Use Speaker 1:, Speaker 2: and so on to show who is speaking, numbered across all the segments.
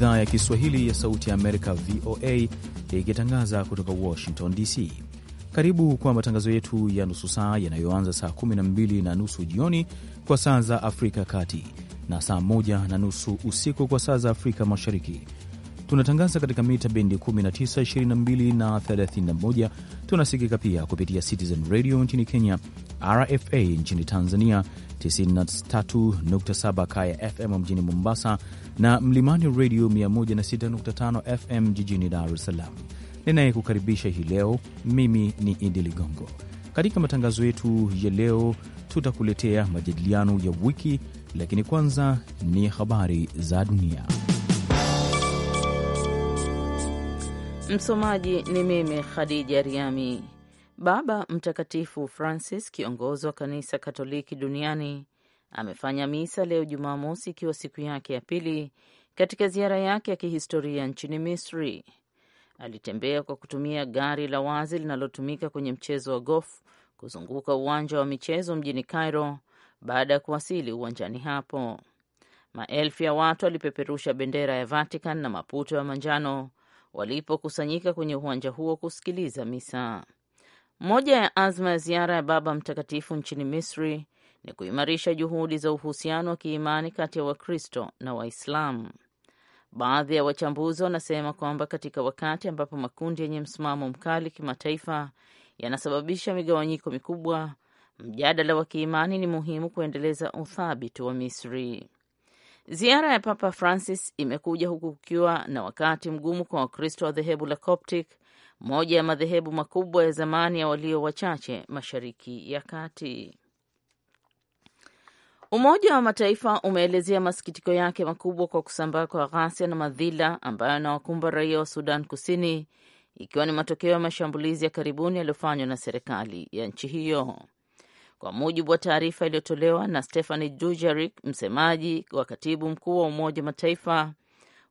Speaker 1: idhaa ya Kiswahili ya Sauti ya Amerika, VOA, ikitangaza kutoka Washington DC. Karibu kwa matangazo yetu ya nusu saa yanayoanza saa 12 na nusu jioni kwa saa za Afrika Kati na saa 1 na nusu usiku kwa saa za Afrika Mashariki. Tunatangaza katika mita bendi 19, 22 na 31. Tunasikika pia kupitia Citizen Radio nchini Kenya, RFA nchini Tanzania, 93.7 Kaya FM mjini Mombasa na Mlimani Radio 106.5 FM jijini Dar es Salaam. Ninayekukaribisha hii leo mimi ni Idi Ligongo. Katika matangazo yetu ya leo, tutakuletea majadiliano ya wiki, lakini kwanza ni habari za dunia.
Speaker 2: Msomaji ni mimi Khadija Riami. Baba Mtakatifu Francis, kiongozi wa kanisa Katoliki duniani, amefanya misa leo Jumamosi, ikiwa siku yake ya pili katika ziara yake ya kihistoria nchini Misri. Alitembea kwa kutumia gari la wazi linalotumika kwenye mchezo wa golf kuzunguka uwanja wa michezo mjini Cairo baada ya kuwasili uwanjani hapo. Maelfu ya watu walipeperusha bendera ya Vatican na maputo ya manjano walipokusanyika kwenye uwanja huo kusikiliza misa. Moja ya azma ya ziara ya Baba Mtakatifu nchini Misri ni kuimarisha juhudi za uhusiano wa kiimani kati ya Wakristo na Waislamu. Baadhi ya wachambuzi wanasema kwamba katika wakati ambapo makundi yenye msimamo mkali kimataifa yanasababisha migawanyiko mikubwa, mjadala wa kiimani ni muhimu kuendeleza uthabiti wa Misri. Ziara ya Papa Francis imekuja huku kukiwa na wakati mgumu kwa Wakristo wa dhehebu la Coptic, moja ya madhehebu makubwa ya zamani ya walio wachache Mashariki ya Kati. Umoja wa Mataifa umeelezea masikitiko yake makubwa kwa kusambaa kwa ghasia na madhila ambayo anawakumba raia wa Sudan Kusini, ikiwa ni matokeo ya mashambulizi ya karibuni yaliyofanywa na serikali ya nchi hiyo. Kwa mujibu wa taarifa iliyotolewa na Stephane Dujarric, msemaji wa katibu mkuu wa Umoja wa Mataifa,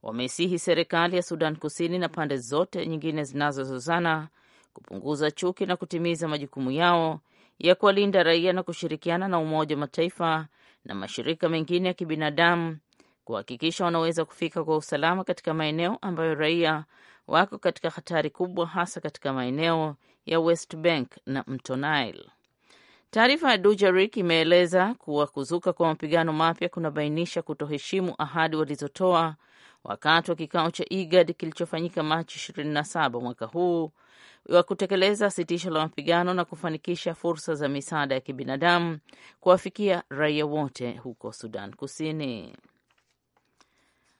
Speaker 2: wameisihi serikali ya Sudan Kusini na pande zote nyingine zinazozozana kupunguza chuki na kutimiza majukumu yao ya kuwalinda raia na kushirikiana na Umoja wa Mataifa na mashirika mengine ya kibinadamu kuhakikisha wanaweza kufika kwa usalama katika maeneo ambayo raia wako katika hatari kubwa, hasa katika maeneo ya West Bank na mto Nile. Taarifa ya Dujarik imeeleza kuwa kuzuka kwa mapigano mapya kunabainisha kutoheshimu ahadi walizotoa wakati wa kikao cha IGAD kilichofanyika Machi 27 mwaka huu wa kutekeleza sitisho la mapigano na kufanikisha fursa za misaada ya kibinadamu kuwafikia raia wote huko Sudan Kusini.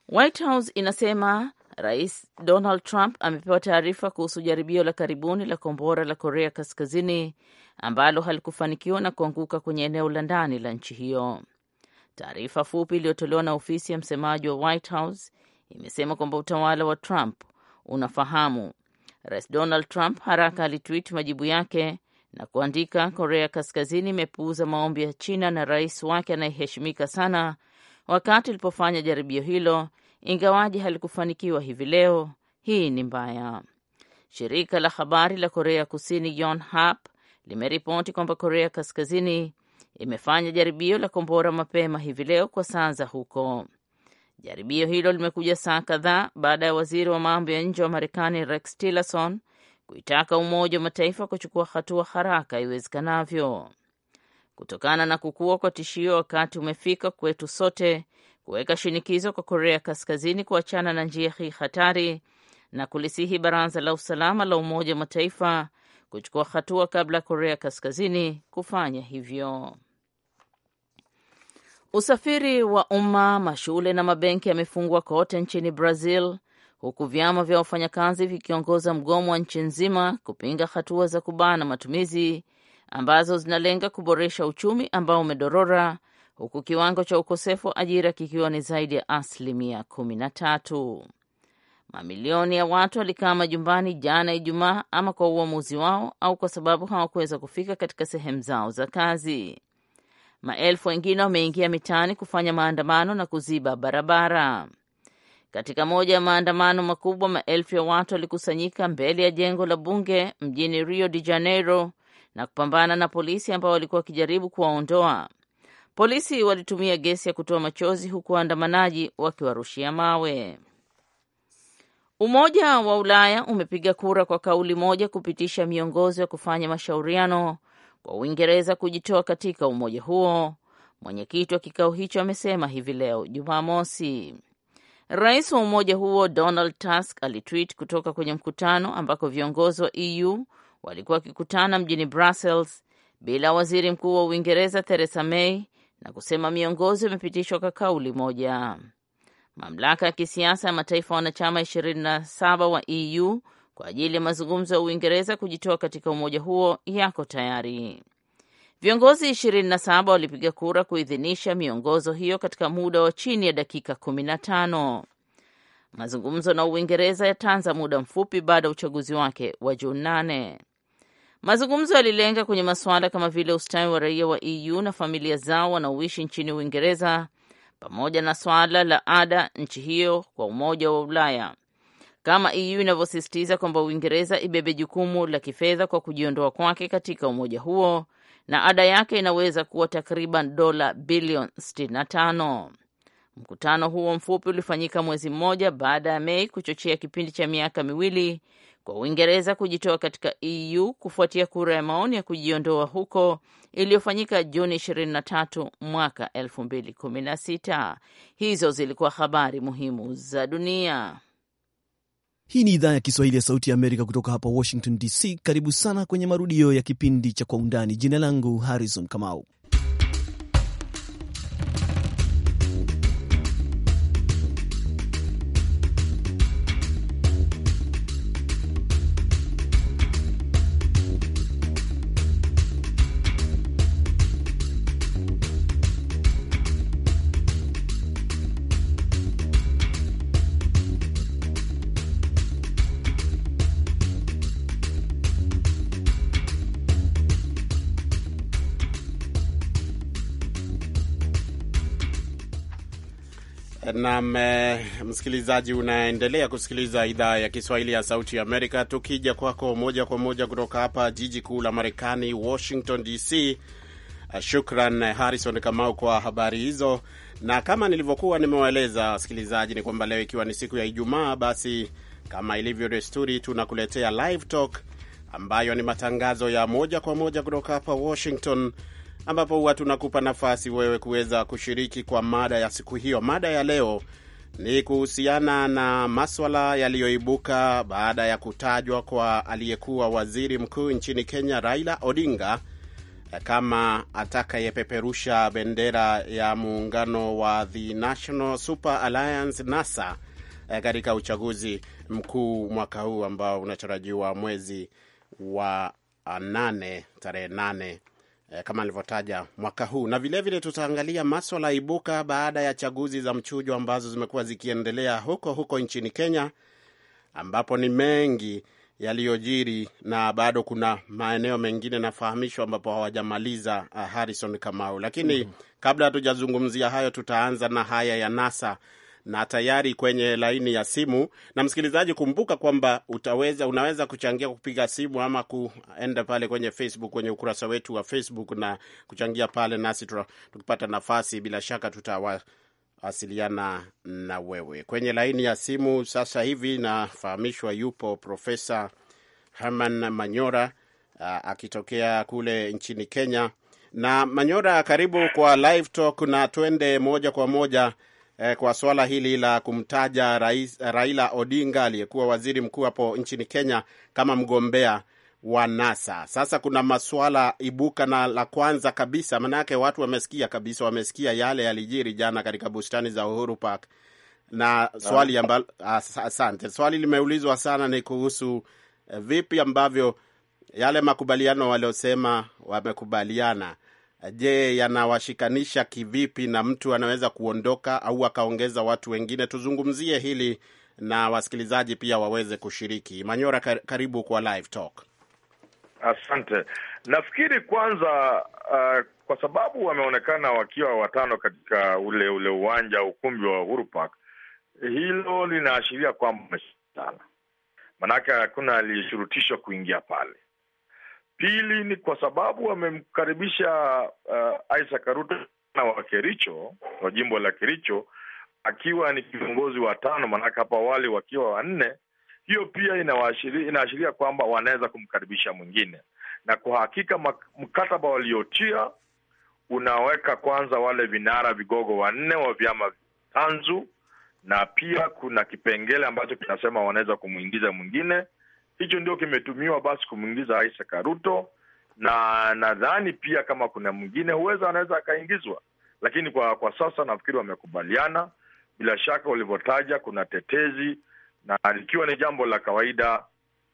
Speaker 2: White House inasema Rais Donald Trump amepewa taarifa kuhusu jaribio la karibuni la kombora la Korea Kaskazini ambalo halikufanikiwa na kuanguka kwenye eneo la ndani la nchi hiyo. Taarifa fupi iliyotolewa na ofisi ya msemaji wa White House imesema kwamba utawala wa Trump unafahamu. Rais Donald Trump haraka alitwit majibu yake na kuandika, Korea Kaskazini imepuuza maombi ya China na rais wake anayeheshimika sana wakati ilipofanya jaribio hilo, ingawaji halikufanikiwa hivi leo. Hii ni mbaya. Shirika la habari la Korea Kusini Yonhap limeripoti kwamba Korea Kaskazini imefanya jaribio la kombora mapema hivi leo kwa saa za huko. Jaribio hilo limekuja saa kadhaa baada ya waziri wa mambo ya nje wa Marekani Rex Tillerson kuitaka Umoja wa Mataifa kuchukua hatua haraka iwezekanavyo kutokana na kukua kwa tishio. Wakati umefika kwetu sote kuweka shinikizo kwa Korea Kaskazini kuachana na njia hii hatari na kulisihi Baraza la Usalama la Umoja wa Mataifa kuchukua hatua kabla ya Korea Kaskazini kufanya hivyo. Usafiri wa umma, mashule na mabenki yamefungwa kote nchini Brazil, huku vyama vya wafanyakazi vikiongoza mgomo wa nchi nzima kupinga hatua za kubana matumizi ambazo zinalenga kuboresha uchumi ambao umedorora, huku kiwango cha ukosefu wa ajira kikiwa ni zaidi ya asilimia kumi na tatu. Mamilioni ya watu walikaa majumbani jana Ijumaa, ama kwa uamuzi wao au kwa sababu hawakuweza kufika katika sehemu zao za kazi. Maelfu wengine wameingia mitaani kufanya maandamano na kuziba barabara. Katika moja ya maandamano makubwa, maelfu ya watu walikusanyika mbele ya jengo la bunge mjini Rio de Janeiro na kupambana na polisi ambao walikuwa wakijaribu kuwaondoa. Polisi walitumia gesi ya kutoa machozi huku waandamanaji wakiwarushia mawe. Umoja wa Ulaya umepiga kura kwa kauli moja kupitisha miongozo ya kufanya mashauriano kwa Uingereza kujitoa katika umoja huo. Mwenyekiti wa kikao hicho amesema hivi leo Jumamosi. Rais wa umoja huo Donald Tusk alitweet kutoka kwenye mkutano ambako viongozi wa EU walikuwa wakikutana mjini Brussels bila waziri mkuu wa Uingereza Theresa May na kusema miongozo imepitishwa kwa kauli moja. Mamlaka ya kisiasa ya mataifa wanachama 27 wa EU kwa ajili ya mazungumzo ya Uingereza kujitoa katika umoja huo yako tayari. Viongozi 27 walipiga kura kuidhinisha miongozo hiyo katika muda wa chini ya dakika 15. Mazungumzo na Uingereza yataanza muda mfupi baada ya uchaguzi wake wa Juni 8. Mazungumzo yalilenga kwenye masuala kama vile ustawi wa raia wa EU na familia zao wanaoishi nchini Uingereza pamoja na swala la ada nchi hiyo kwa Umoja wa Ulaya kama EU inavyosisitiza kwamba Uingereza ibebe jukumu la kifedha kwa kujiondoa kwake katika umoja huo na ada yake inaweza kuwa takriban dola bilioni 65. Mkutano huo mfupi ulifanyika mwezi mmoja baada ya Mei kuchochea kipindi cha miaka miwili kwa Uingereza kujitoa katika EU kufuatia kura ya maoni ya kujiondoa huko iliyofanyika Juni 23 mwaka 2016. Hizo zilikuwa habari muhimu za dunia.
Speaker 3: Hii ni idhaa ya Kiswahili ya Sauti ya Amerika kutoka hapa Washington DC. Karibu sana kwenye marudio ya kipindi cha Kwa Undani. Jina langu Harrison Kamau.
Speaker 4: Naam, eh, msikilizaji, unaendelea kusikiliza idhaa ya Kiswahili ya Sauti ya Amerika, tukija kwako moja kwa moja kutoka hapa jiji kuu la Marekani, Washington DC. Eh, shukran eh, Harrison Kamau kwa habari hizo, na kama nilivyokuwa nimewaeleza wasikilizaji ni kwamba leo ikiwa ni siku ya Ijumaa, basi kama ilivyo desturi, tunakuletea Live Talk ambayo ni matangazo ya moja kwa moja kutoka hapa Washington ambapo huwa tunakupa nafasi wewe kuweza kushiriki kwa mada ya siku hiyo. Mada ya leo ni kuhusiana na maswala yaliyoibuka baada ya kutajwa kwa aliyekuwa waziri mkuu nchini Kenya Raila Odinga kama atakayepeperusha bendera ya muungano wa The National Super Alliance NASA katika uchaguzi mkuu mwaka huu ambao unatarajiwa mwezi wa nane tarehe nane Eh, kama nilivyotaja mwaka huu, na vilevile tutaangalia maswala ibuka baada ya chaguzi za mchujo ambazo zimekuwa zikiendelea huko huko nchini Kenya, ambapo ni mengi yaliyojiri na bado kuna maeneo mengine nafahamishwa ambapo hawajamaliza. Eh, Harrison Kamau, lakini mm -hmm. kabla hatujazungumzia hayo, tutaanza na haya ya NASA na tayari kwenye laini ya simu. Na msikilizaji, kumbuka kwamba utaweza, unaweza kuchangia kupiga simu ama kuenda pale kwenye Facebook, kwenye ukurasa wetu wa Facebook na kuchangia pale, nasi tukipata nafasi, bila shaka tutawasiliana na wewe kwenye laini ya simu. Sasa hivi nafahamishwa yupo Profesa Herman Manyora akitokea kule nchini Kenya. Na Manyora, karibu kwa Live Talk na twende moja kwa moja eh, kwa suala hili la kumtaja rais, eh, Raila Odinga aliyekuwa waziri mkuu hapo nchini Kenya kama mgombea wa NASA. Sasa kuna masuala ibuka, na la kwanza kabisa, manake watu wamesikia kabisa, wamesikia yale yalijiri jana katika bustani za Uhuru Park, na swali ah. ambalo asante, swali limeulizwa sana ni kuhusu eh, vipi ambavyo yale makubaliano waliosema wamekubaliana je, yanawashikanisha kivipi na mtu anaweza kuondoka au akaongeza watu wengine? Tuzungumzie hili na wasikilizaji pia waweze kushiriki. Manyora, karibu kwa Live Talk.
Speaker 5: Asante. Nafikiri kwanza, uh, kwa sababu wameonekana wakiwa watano katika ule ule uwanja ukumbi wa Uhuru Park, hilo linaashiria kwamba wameshindana, maanake hakuna aliyeshurutishwa kuingia pale. Pili ni kwa sababu wamemkaribisha uh, Isaac Ruto wa Kericho wa jimbo la Kericho akiwa ni kiongozi wa tano, maanake hapo awali wakiwa wanne. Hiyo pia inaashiria kwamba wanaweza kumkaribisha mwingine, na kwa hakika mkataba waliotia unaweka kwanza wale vinara vigogo wanne wa vyama tanzu, na pia kuna kipengele ambacho kinasema wanaweza kumwingiza mwingine hicho ndio kimetumiwa basi kumwingiza Isaac Ruto, na nadhani pia kama kuna mwingine huweza anaweza akaingizwa, lakini kwa kwa sasa nafikiri wamekubaliana. Bila shaka ulivyotaja, kuna tetezi, na likiwa ni jambo la kawaida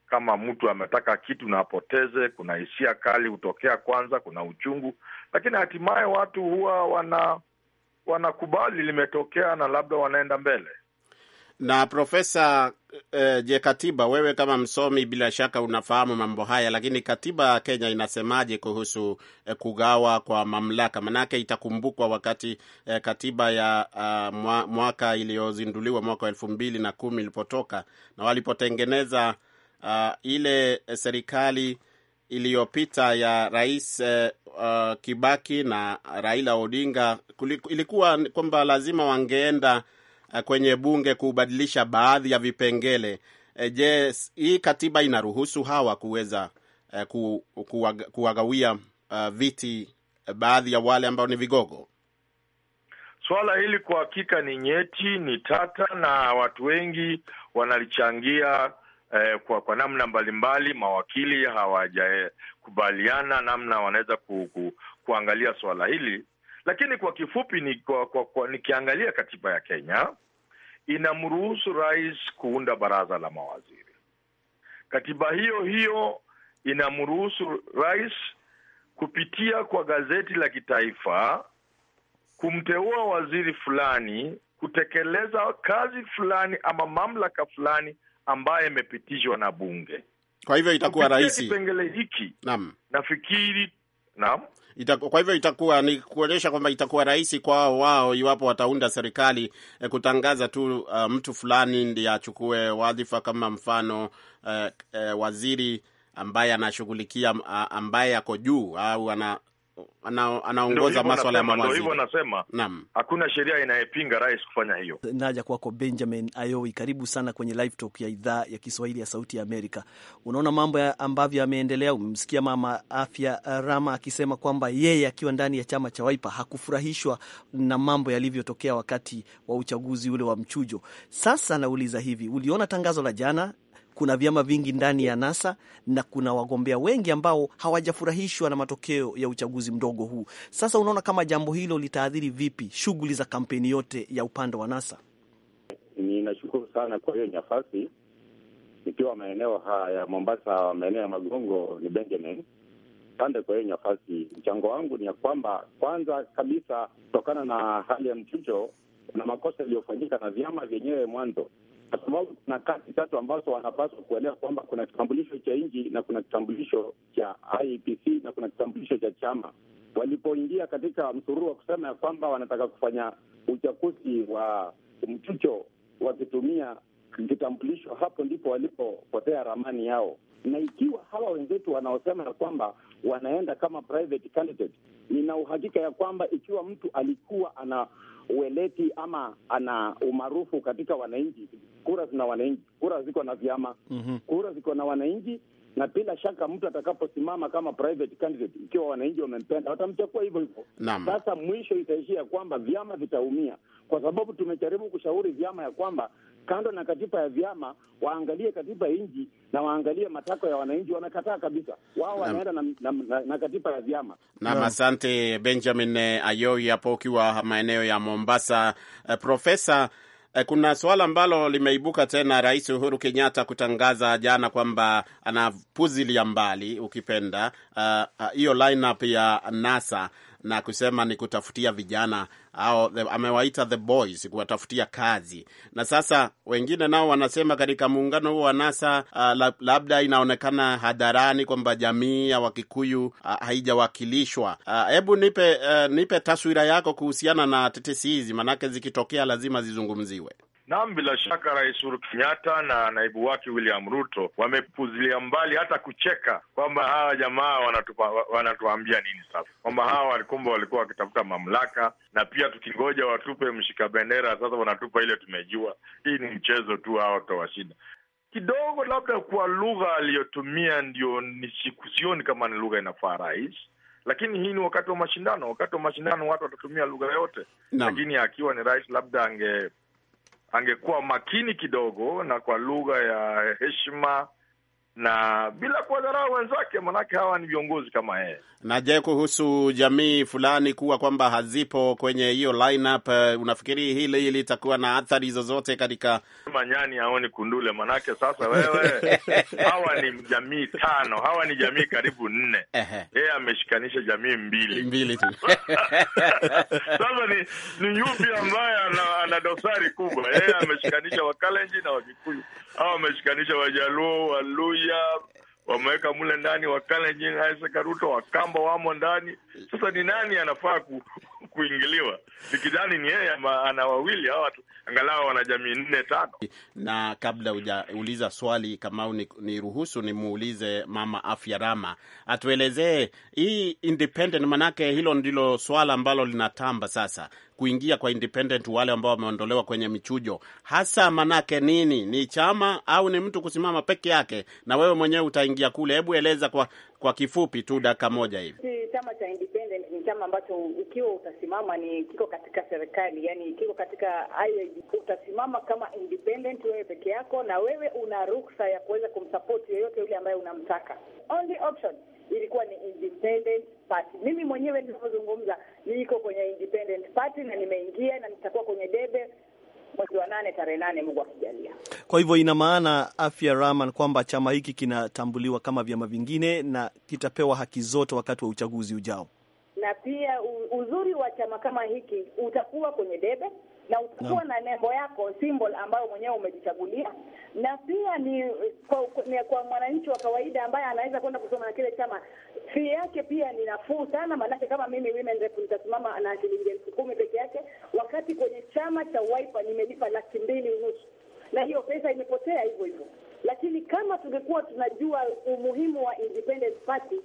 Speaker 5: kama mtu ametaka kitu na apoteze, kuna hisia kali hutokea kwanza, kuna uchungu, lakini hatimaye watu huwa wana wanakubali limetokea, na labda wanaenda mbele.
Speaker 4: Na Profesa eh, je, katiba, wewe kama msomi bila shaka unafahamu mambo haya, lakini katiba ya Kenya inasemaje kuhusu eh, kugawa kwa mamlaka? Manake itakumbukwa wakati eh, katiba ya uh, mwaka iliyozinduliwa mwaka wa elfu mbili na kumi ilipotoka na walipotengeneza uh, ile eh, serikali iliyopita ya rais uh, Kibaki na Raila Odinga, ilikuwa kwamba lazima wangeenda Eh, kwenye bunge kubadilisha baadhi ya vipengele. Eh, je, hii katiba inaruhusu hawa kuweza eh, ku, ku, kuwagawia uh, viti baadhi ya wale ambao ni vigogo?
Speaker 5: Swala hili kwa hakika ni nyeti, ni tata na watu wengi wanalichangia eh, kwa, kwa namna mbalimbali. Mawakili hawajakubaliana namna wanaweza ku, ku, kuangalia swala hili lakini kwa kifupi ni kwa, kwa, kwa, nikiangalia katiba ya Kenya inamruhusu rais kuunda baraza la mawaziri. Katiba hiyo hiyo inamruhusu rais kupitia kwa gazeti la kitaifa kumteua waziri fulani kutekeleza kazi fulani ama mamlaka fulani ambaye imepitishwa na bunge.
Speaker 4: Kwa hivyo itakuwa rahisi kipengele hiki. Naam, nafikiri Naam. Ita, kwa hivyo itakuwa ni kuonyesha kwamba itakuwa rahisi kwao wao iwapo wataunda serikali eh, kutangaza tu uh, mtu fulani ndiye achukue wadhifa kama mfano uh, uh, waziri ambaye anashughulikia ambaye ako juu au ana ana, anaongoza maswala ya mawaziri. Ndio hivyo
Speaker 5: nasema, naam, hakuna sheria inayepinga rais kufanya hiyo. Naja kwako Benjamin
Speaker 3: Ayoi, karibu sana kwenye live talk ya idhaa ya Kiswahili ya Sauti ya Amerika. Unaona mambo ambavyo yameendelea. Umemsikia mama afya Rama akisema kwamba yeye akiwa ndani ya chama cha Wiper hakufurahishwa na mambo yalivyotokea wakati wa uchaguzi ule wa mchujo. Sasa nauliza hivi, uliona tangazo la jana kuna vyama vingi ndani ya NASA na kuna wagombea wengi ambao hawajafurahishwa na matokeo ya uchaguzi mdogo huu. Sasa unaona kama jambo hilo litaathiri vipi shughuli za kampeni yote ya upande wa NASA?
Speaker 6: Ninashukuru sana kwa hiyo nafasi. Nikiwa maeneo haya ya Mombasa, maeneo ya Magongo ni Benjamin. Asante kwa hiyo nafasi. Mchango wangu ni ya kwamba, kwanza kabisa, kutokana na hali ya mchujo na makosa yaliyofanyika na vyama vyenyewe mwanzo kwa sababu kuna kazi tatu ambazo wanapaswa kuelewa kwamba kuna kitambulisho cha nchi na kuna kitambulisho cha IEBC na kuna kitambulisho cha chama. Walipoingia katika msururu wa kusema ya kwamba wanataka kufanya uchaguzi wa mchucho wakitumia kitambulisho, hapo ndipo walipopotea ramani yao. Na ikiwa hawa wenzetu wanaosema ya kwamba wanaenda kama private candidate. Nina uhakika ya kwamba ikiwa mtu alikuwa ana ueleti ama ana umaarufu katika wananchi, kura zina wananchi, kura ziko na vyama mm -hmm. kura ziko na wananchi na bila shaka mtu atakaposimama kama private candidate, ikiwa wananchi wamempenda, watamchagua hivyo hivyo. Sasa mwisho itaishia kwamba vyama vitaumia, kwa sababu tumejaribu kushauri vyama ya kwamba kando na katiba ya vyama waangalie katiba nchi na waangalie matakwa ya wananchi. Wanakataa kabisa, wao wanaenda na, na, na, na katiba ya vyama nam.
Speaker 4: Asante Benjamin Ayoi hapo ukiwa maeneo ya Mombasa. Uh, Profesa Eh, kuna suala ambalo limeibuka tena, Rais Uhuru Kenyatta kutangaza jana kwamba anapuzilia mbali ukipenda eh, eh, hiyo uh, uh, lineup ya NASA na kusema ni kutafutia vijana au the, amewaita the boys kuwatafutia kazi, na sasa wengine nao wanasema katika muungano huo wa NASA uh, labda inaonekana hadharani kwamba jamii ya Wakikuyu uh, haijawakilishwa. Uh, hebu uh, nipe uh, nipe taswira yako kuhusiana na tetesi hizi, maanake zikitokea lazima zizungumziwe.
Speaker 5: Naam, bila shaka Rais Uhuru Kenyatta na naibu wake William Ruto wamepuzilia mbali hata kucheka kwamba hawa jamaa wanatuambia nini sasa, kwamba hawa kumbe walikuwa wakitafuta mamlaka, na pia tukingoja watupe mshika bendera, sasa wanatupa ile tumejua. Hii ni mchezo tu, hawa watawashinda kidogo. Labda kwa lugha aliyotumia ndio nisikusioni kama ni lugha inafaa rais lakini hii ni wakati wa mashindano. Wakati wa mashindano watu watatumia lugha yote, lakini akiwa ni rais, labda ange angekuwa makini kidogo na kwa lugha ya heshima na bila kuwadharau wenzake, manake hawa ni viongozi kama yeye.
Speaker 4: Na je, kuhusu jamii fulani kuwa kwamba hazipo kwenye hiyo lineup, eh, unafikiri hili hili itakuwa na athari zozote katika
Speaker 5: manyani? aoni kundule, manake sasa wewe hawa ni jamii tano, hawa ni jamii karibu nne, yeye ameshikanisha jamii mbili mbili tu sasa ni, ni yupi ambaye ana, ana dosari kubwa? Yeye ameshikanisha Wakalenji na Wakikuyu, hawa ameshikanisha Wajaluo, Waluyi Tulia wameweka mule ndani, wakala nyingi Isaac Ruto, Wakamba wamo ndani. Sasa ni nani anafaa kuingiliwa. Nikidhani ni yeye ana wawili hawa watu, angalau wana jamii nne tano.
Speaker 4: Na kabla hujauliza swali, Kamau, niruhusu ni nimuulize Mama Afya Rama atuelezee hii independent, manake hilo ndilo swala ambalo linatamba sasa, kuingia kwa independent, wale ambao wameondolewa kwenye michujo. Hasa manake nini? Ni chama au ni mtu kusimama peke yake? Na wewe mwenyewe utaingia kule, hebu eleza kwa, kwa kifupi tu dakika moja hivi
Speaker 7: si, chama cha chama ambacho ukiwa utasimama ni kiko katika serikali, yani kiko katika IAG, utasimama kama independent wewe peke yako, na wewe una ruksa ya kuweza kumsapoti yeyote yule ambaye unamtaka. Only option ilikuwa ni independent party. Mimi mwenyewe ninavyozungumza, niko kwenye independent party na nimeingia na nitakuwa kwenye debe mwezi wa nane tarehe nane, Mungu akijalia.
Speaker 3: Kwa hivyo ina maana afya Rahman, kwamba chama hiki kinatambuliwa kama vyama vingine na kitapewa haki zote wakati wa uchaguzi ujao
Speaker 7: na pia uzuri wa chama kama hiki utakuwa kwenye debe na utakuwa no. na nembo yako symbol ambayo mwenyewe umejichagulia, na pia ni eh, kwa, ni kwa mwananchi wa kawaida ambaye anaweza kwenda kusoma na kile chama, fee yake pia ni nafuu sana, maanake kama mimi women rep nitasimama na shilingi elfu kumi peke yake, wakati kwenye chama cha Wiper nimelipa laki mbili nusu, na hiyo pesa imepotea hivyo hivyo. Lakini kama tungekuwa tunajua umuhimu wa independent party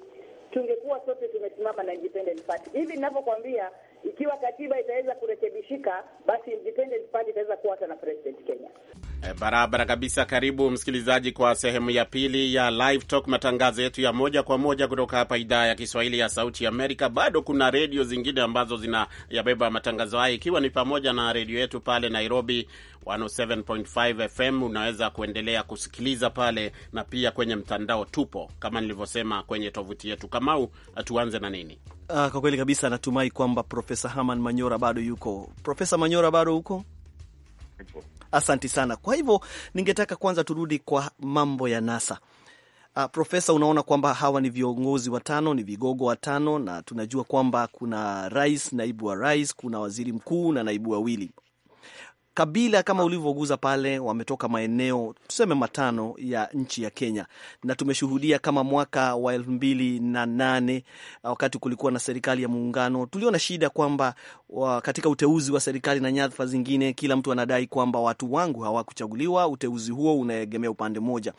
Speaker 7: tungekuwa sote tumesimama na independent party. Hivi ninavyokwambia, ikiwa katiba itaweza kurekebishika, basi independent party itaweza kuwa hata na president Kenya.
Speaker 4: Eh, barabara kabisa. Karibu msikilizaji kwa sehemu ya pili ya Live Talk, matangazo yetu ya moja kwa moja kutoka hapa idhaa ya Kiswahili ya Sauti Amerika. Bado kuna redio zingine ambazo zinayabeba matangazo haya, ikiwa ni pamoja na redio yetu pale Nairobi 107.5 FM. Unaweza kuendelea kusikiliza pale na pia kwenye mtandao, tupo kama nilivyosema kwenye tovuti yetu. Kamau, tuanze na nini?
Speaker 3: Uh, kwa kweli kabisa natumai kwamba Profesa Haman Manyora bado yuko. Profesa Manyora bado huko? Ipo. Asanti sana. Kwa hivyo ningetaka kwanza turudi kwa mambo ya NASA. Uh, Profesa, unaona kwamba hawa ni viongozi watano, ni vigogo watano, na tunajua kwamba kuna rais, naibu wa rais, kuna waziri mkuu na naibu wawili. Kabila kama ulivyoguza pale, wametoka maeneo tuseme matano ya nchi ya Kenya, na tumeshuhudia kama mwaka wa elfu mbili na nane wakati kulikuwa na serikali ya muungano, tuliona shida kwamba wa katika uteuzi wa serikali na nyadhifa zingine, kila mtu anadai kwamba watu wangu hawakuchaguliwa, uteuzi huo unaegemea upande mmoja.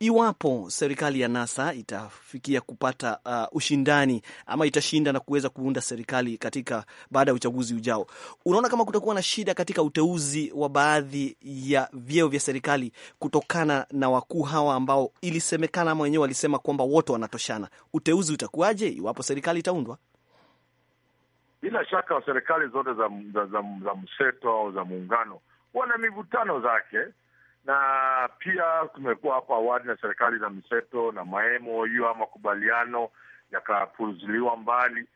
Speaker 3: Iwapo serikali ya NASA itafikia kupata uh, ushindani ama itashinda na kuweza kuunda serikali katika baada ya uchaguzi ujao, unaona kama kutakuwa na shida katika uteuzi wa baadhi ya vyeo vya serikali kutokana na wakuu hawa ambao ilisemekana ama wenyewe walisema kwamba wote wanatoshana. Uteuzi utakuwaje iwapo serikali itaundwa?
Speaker 5: Bila shaka serikali zote za, za, za, za mseto au za muungano wana mivutano zake, na pia tumekuwa hapo awali na serikali za mseto na maemo hiyo a makubaliano yakapuzuliwa mbali,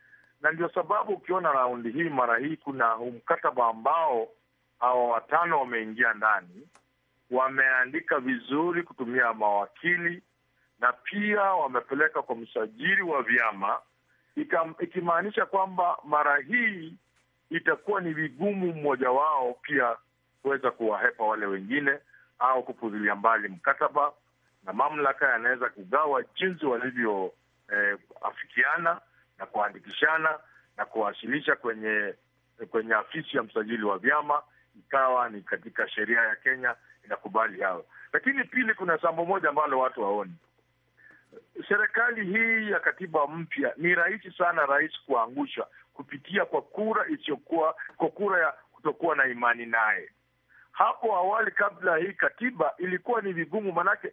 Speaker 5: na ndio sababu ukiona raundi hii mara hii kuna mkataba ambao hawa watano wameingia ndani, wameandika vizuri kutumia mawakili na pia wamepeleka kwa msajili wa vyama ikimaanisha kwamba mara hii itakuwa ni vigumu mmoja wao pia kuweza kuwahepa wale wengine au kupuzilia mbali mkataba, na mamlaka yanaweza kugawa jinsi walivyoafikiana eh, na kuandikishana na kuwasilisha kwenye kwenye afisi ya msajili wa vyama, ikawa ni katika sheria ya Kenya inakubali hayo. Lakini pili, kuna sambo moja ambalo watu waoni serikali hii ya katiba mpya ni rahisi sana rais kuangusha kupitia kwa kura isiyokuwa kwa kura ya kutokuwa na imani naye. Hapo awali kabla hii katiba ilikuwa ni vigumu, manake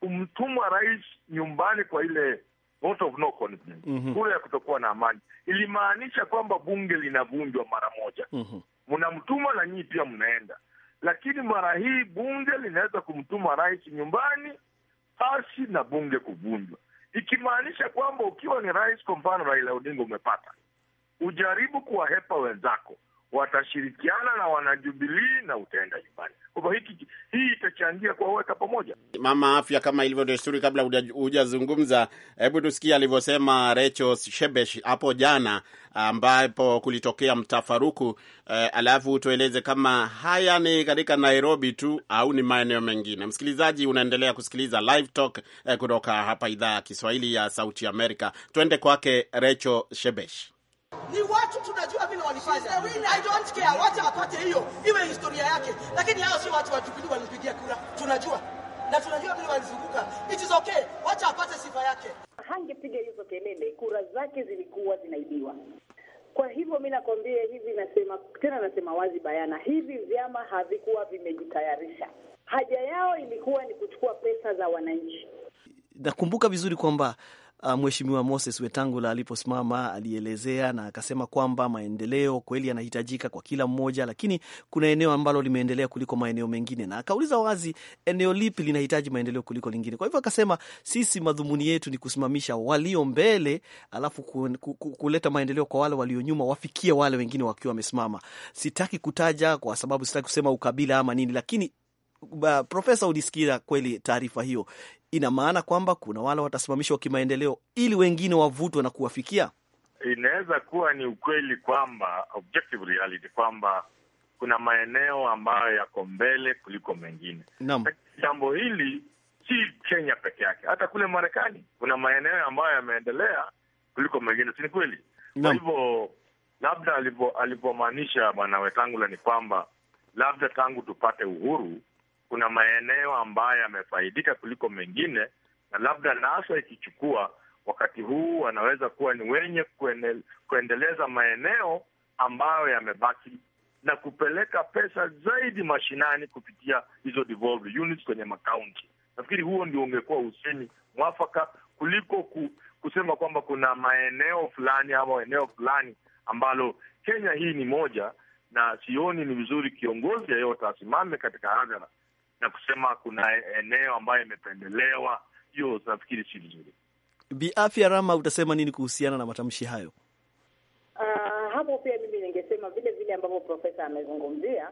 Speaker 5: kumtuma rais nyumbani kwa ile vote of no confidence, mm -hmm. kura ya kutokuwa na amani ilimaanisha kwamba bunge linavunjwa mara moja, mhm. mnamtuma mm -hmm. na nyinyi pia mnaenda, lakini mara hii bunge linaweza kumtuma rais nyumbani pasi na bunge kuvunjwa, ikimaanisha kwamba ukiwa ni rais, kwa mfano Raila Odinga, umepata ujaribu kuwahepa wenzako watashirikiana na wanajubilii na utaenda nyumbani. Kwa hivyo hiki hii itachangia kuwaweka pamoja.
Speaker 4: Mama Afya, kama ilivyo desturi, kabla hujazungumza, hebu tusikie alivyosema Recho Shebesh hapo jana, ambapo kulitokea mtafaruku eh, alafu tueleze kama haya ni katika Nairobi tu au ni maeneo mengine. Msikilizaji, unaendelea kusikiliza Live Talk eh, kutoka hapa idhaa ya Kiswahili ya Sauti Amerika. Tuende kwake Recho Shebesh.
Speaker 3: Ni watu tunajua vile walifanya. I don't care, wacha apate hiyo iwe historia yake, lakini hao sio watu wa
Speaker 7: Jubilee kura, tunajua na tunajua vile walizunguka. It is okay, wacha apate sifa yake. Hangepiga hizo kelele, kura zake zilikuwa zinaibiwa. Kwa hivyo mi nakwambia hivi, nasema tena, nasema wazi bayana, hivi vyama havikuwa vimejitayarisha. Haja yao ilikuwa ni kuchukua pesa za wananchi.
Speaker 3: Nakumbuka vizuri kwamba Ah, Mheshimiwa Moses Wetangula aliposimama alielezea na akasema kwamba maendeleo kweli yanahitajika kwa kila mmoja, lakini kuna eneo ambalo limeendelea kuliko maeneo mengine, na akauliza wazi, eneo lipi linahitaji maendeleo kuliko lingine? Kwa hivyo akasema, sisi madhumuni yetu ni kusimamisha walio mbele, alafu kuleta maendeleo kwa wale walio nyuma, wafikie wale wengine wakiwa wamesimama. Sitaki kutaja kwa sababu sitaki kusema ukabila ama nini, lakini Profesa, ulisikia kweli taarifa hiyo ina maana kwamba kuna wale watasimamishwa kimaendeleo ili wengine wavutwe na kuwafikia.
Speaker 5: Inaweza kuwa ni ukweli kwamba objective reality kwamba kuna maeneo ambayo yako mbele kuliko mengine. jambo hili si Kenya peke yake, hata kule Marekani kuna maeneo ambayo yameendelea kuliko mengine, si ni kweli? Kwa hivyo labda alipomaanisha bwana Wetangula ni kwamba labda tangu tupate uhuru kuna maeneo ambayo yamefaidika kuliko mengine, na labda NASA ikichukua wakati huu wanaweza kuwa ni wenye kuendeleza maeneo ambayo yamebaki na kupeleka pesa zaidi mashinani kupitia hizo devolved units kwenye makaunti. Nafikiri huo ndio ungekuwa usemi mwafaka kuliko ku, kusema kwamba kuna maeneo fulani ama eneo fulani ambalo Kenya hii ni moja, na sioni ni vizuri kiongozi yeyote asimame katika hadhara na kusema kuna eneo ambayo imependelewa, hiyo nafikiri si vizuri.
Speaker 3: Biafya Rama, utasema nini kuhusiana na matamshi hayo?
Speaker 7: Uh, hapo pia mimi ningesema vile vile ambavyo profesa amezungumzia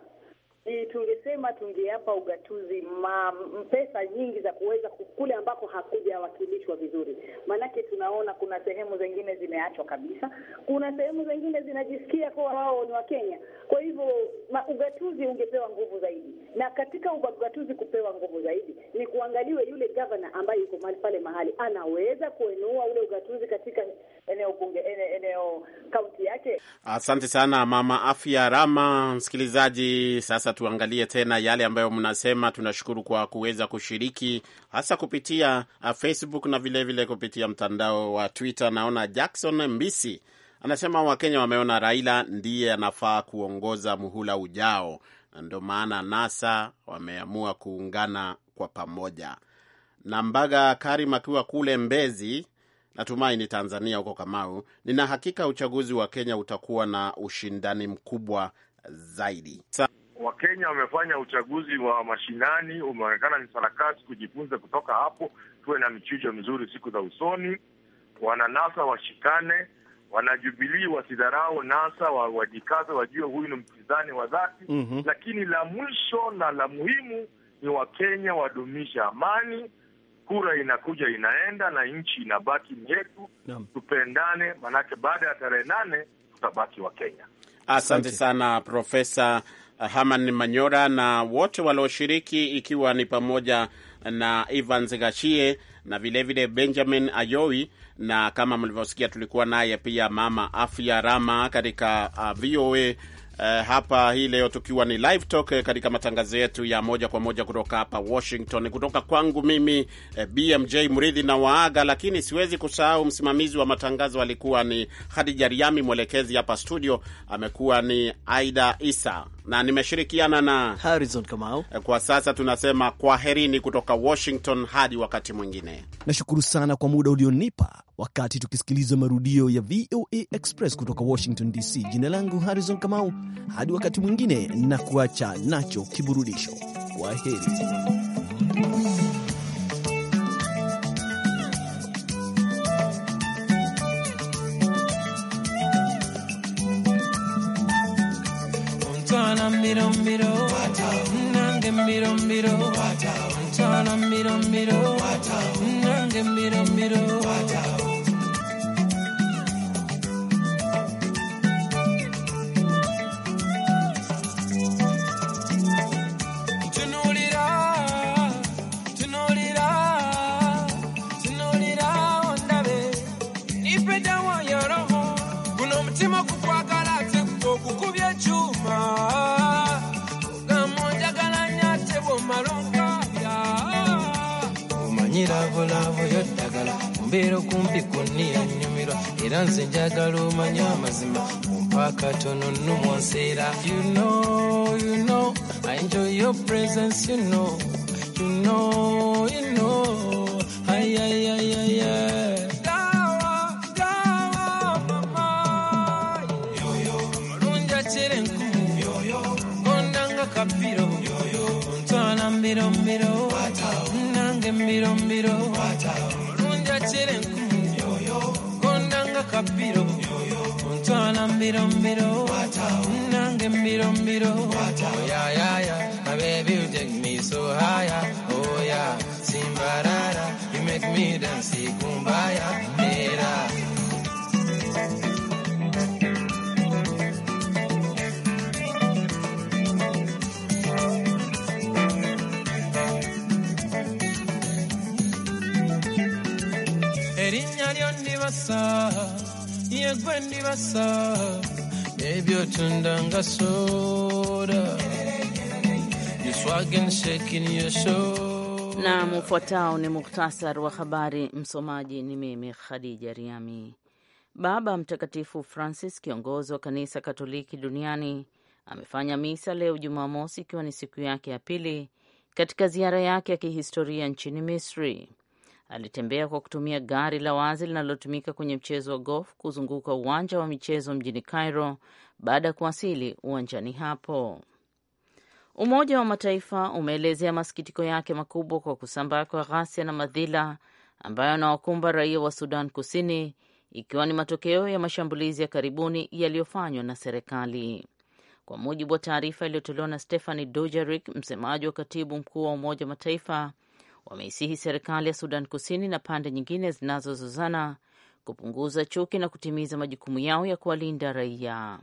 Speaker 7: E, tungesema tungeapa ugatuzi ma, pesa nyingi za kuweza kule ambako hakujawakilishwa vizuri, maanake tunaona kuna sehemu zingine zimeachwa kabisa, kuna sehemu zingine zinajisikia kuwa wao ni Wakenya. Kwa hivyo ugatuzi ungepewa nguvu zaidi, na katika ugatuzi kupewa nguvu zaidi ni kuangaliwe yule gavana ambaye yuko mahali pale mahali anaweza kuenua ule ugatuzi katika eneo bunge, eneo kaunti yake.
Speaker 4: Asante sana Mama Afya Rama. Msikilizaji, sasa tuangalie tena yale ambayo mnasema. Tunashukuru kwa kuweza kushiriki hasa kupitia uh, Facebook na vilevile vile kupitia mtandao wa Twitter. Naona Jackson Mbisi anasema Wakenya wameona Raila ndiye anafaa kuongoza muhula ujao, na ndio maana NASA wameamua kuungana kwa pamoja. Na Mbaga Karim akiwa kule Mbezi, natumai ni Tanzania huko. Kamau, nina hakika uchaguzi wa Kenya utakuwa na ushindani mkubwa zaidi Sa
Speaker 5: Wakenya wamefanya uchaguzi wa mashinani, umeonekana ni sarakasi. Kujifunza kutoka hapo, tuwe na michujo mizuri siku za usoni. Wananasa washikane, wanajubilii wasidharau Nasa, wajikaze, wajue huyu ni mpinzani wa dhati. mm -hmm. Lakini la mwisho na la muhimu ni Wakenya wadumisha amani. Kura inakuja inaenda, na nchi inabaki ni yetu. Tupendane, manake baada ya tarehe nane tutabaki Wakenya.
Speaker 4: Asante sana Profesa Haman Manyora na wote walioshiriki, ikiwa ni pamoja na Evans Gashie na vilevile vile Benjamin Ayoi, na kama mlivyosikia tulikuwa naye pia Mama Afya Rama katika uh, VOA Uh, hapa hii leo tukiwa ni live talk uh, katika matangazo yetu ya moja kwa moja kutoka hapa Washington. Kutoka kwangu mimi eh, uh, BMJ Mridhi na waaga, lakini siwezi kusahau msimamizi wa matangazo alikuwa ni Hadija Riami, mwelekezi hapa studio amekuwa ni Aida Isa na nimeshirikiana na Harrison Kamau. Eh, kwa sasa tunasema kwaherini kutoka Washington hadi wakati mwingine.
Speaker 3: Nashukuru sana kwa muda ulionipa wakati tukisikiliza marudio ya VOA Express kutoka Washington DC. Jina langu Harrison Kamau, hadi wakati mwingine, na kuacha nacho kiburudisho. Kwaheri.
Speaker 5: Antana miro miro nange miro miro Antana miro miro nange miro miro
Speaker 1: nyiravulavu yoddagala mumbeera okumpi
Speaker 5: kunni yanyumirwa era nze njagala omanya amazima mumpakatono nnumwonseera Mirum, mirum. mbiro mbiro nange mbiro mbiro oh yeah yeah my baby you take me so higher oh yeah simbarara you make me dance kumbaya mera
Speaker 1: Erinnya lyo ndibasa yegwe ndibasa
Speaker 2: soda na mufuatao ni muhtasar wa habari. Msomaji ni mimi Khadija Riami. Baba Mtakatifu Francis, kiongozi wa kanisa Katoliki duniani, amefanya misa leo Jumamosi, ikiwa ni siku yake ya pili katika ziara yake ya kihistoria nchini Misri alitembea kwa kutumia gari la wazi linalotumika kwenye mchezo wa golf kuzunguka uwanja wa michezo mjini Cairo baada ya kuwasili uwanjani hapo. Umoja wa Mataifa umeelezea masikitiko yake makubwa kwa kusambaa kwa ghasia na madhila ambayo anawakumba raia wa Sudan Kusini, ikiwa ni matokeo ya mashambulizi ya karibuni yaliyofanywa na serikali. Kwa mujibu wa taarifa iliyotolewa na stephani Dujarric, msemaji wa katibu mkuu wa Umoja wa Mataifa, wameisihi serikali ya Sudan Kusini na pande nyingine zinazozozana kupunguza chuki na kutimiza majukumu yao ya kuwalinda raia.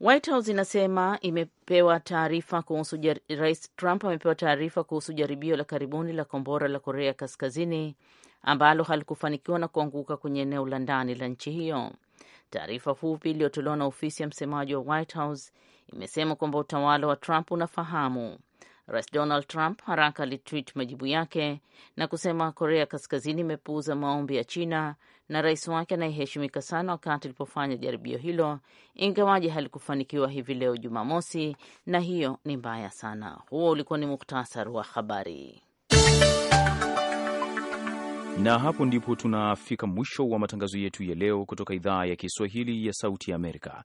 Speaker 2: White House inasema imepewa taarifa kuhusu Rais Trump amepewa taarifa kuhusu jaribio la karibuni la kombora la Korea Kaskazini ambalo halikufanikiwa na kuanguka kwenye eneo la ndani la nchi hiyo. Taarifa fupi iliyotolewa na ofisi ya msemaji wa White House imesema kwamba utawala wa Trump unafahamu Rais Donald Trump haraka alitwit majibu yake na kusema Korea Kaskazini imepuuza maombi ya China na rais wake anayeheshimika sana wakati alipofanya jaribio hilo, ingawaje halikufanikiwa hivi leo Jumamosi, na hiyo ni mbaya sana. Huo ulikuwa ni muktasar wa habari,
Speaker 1: na hapo ndipo tunafika mwisho wa matangazo yetu ya leo kutoka idhaa ya Kiswahili ya Sauti ya Amerika.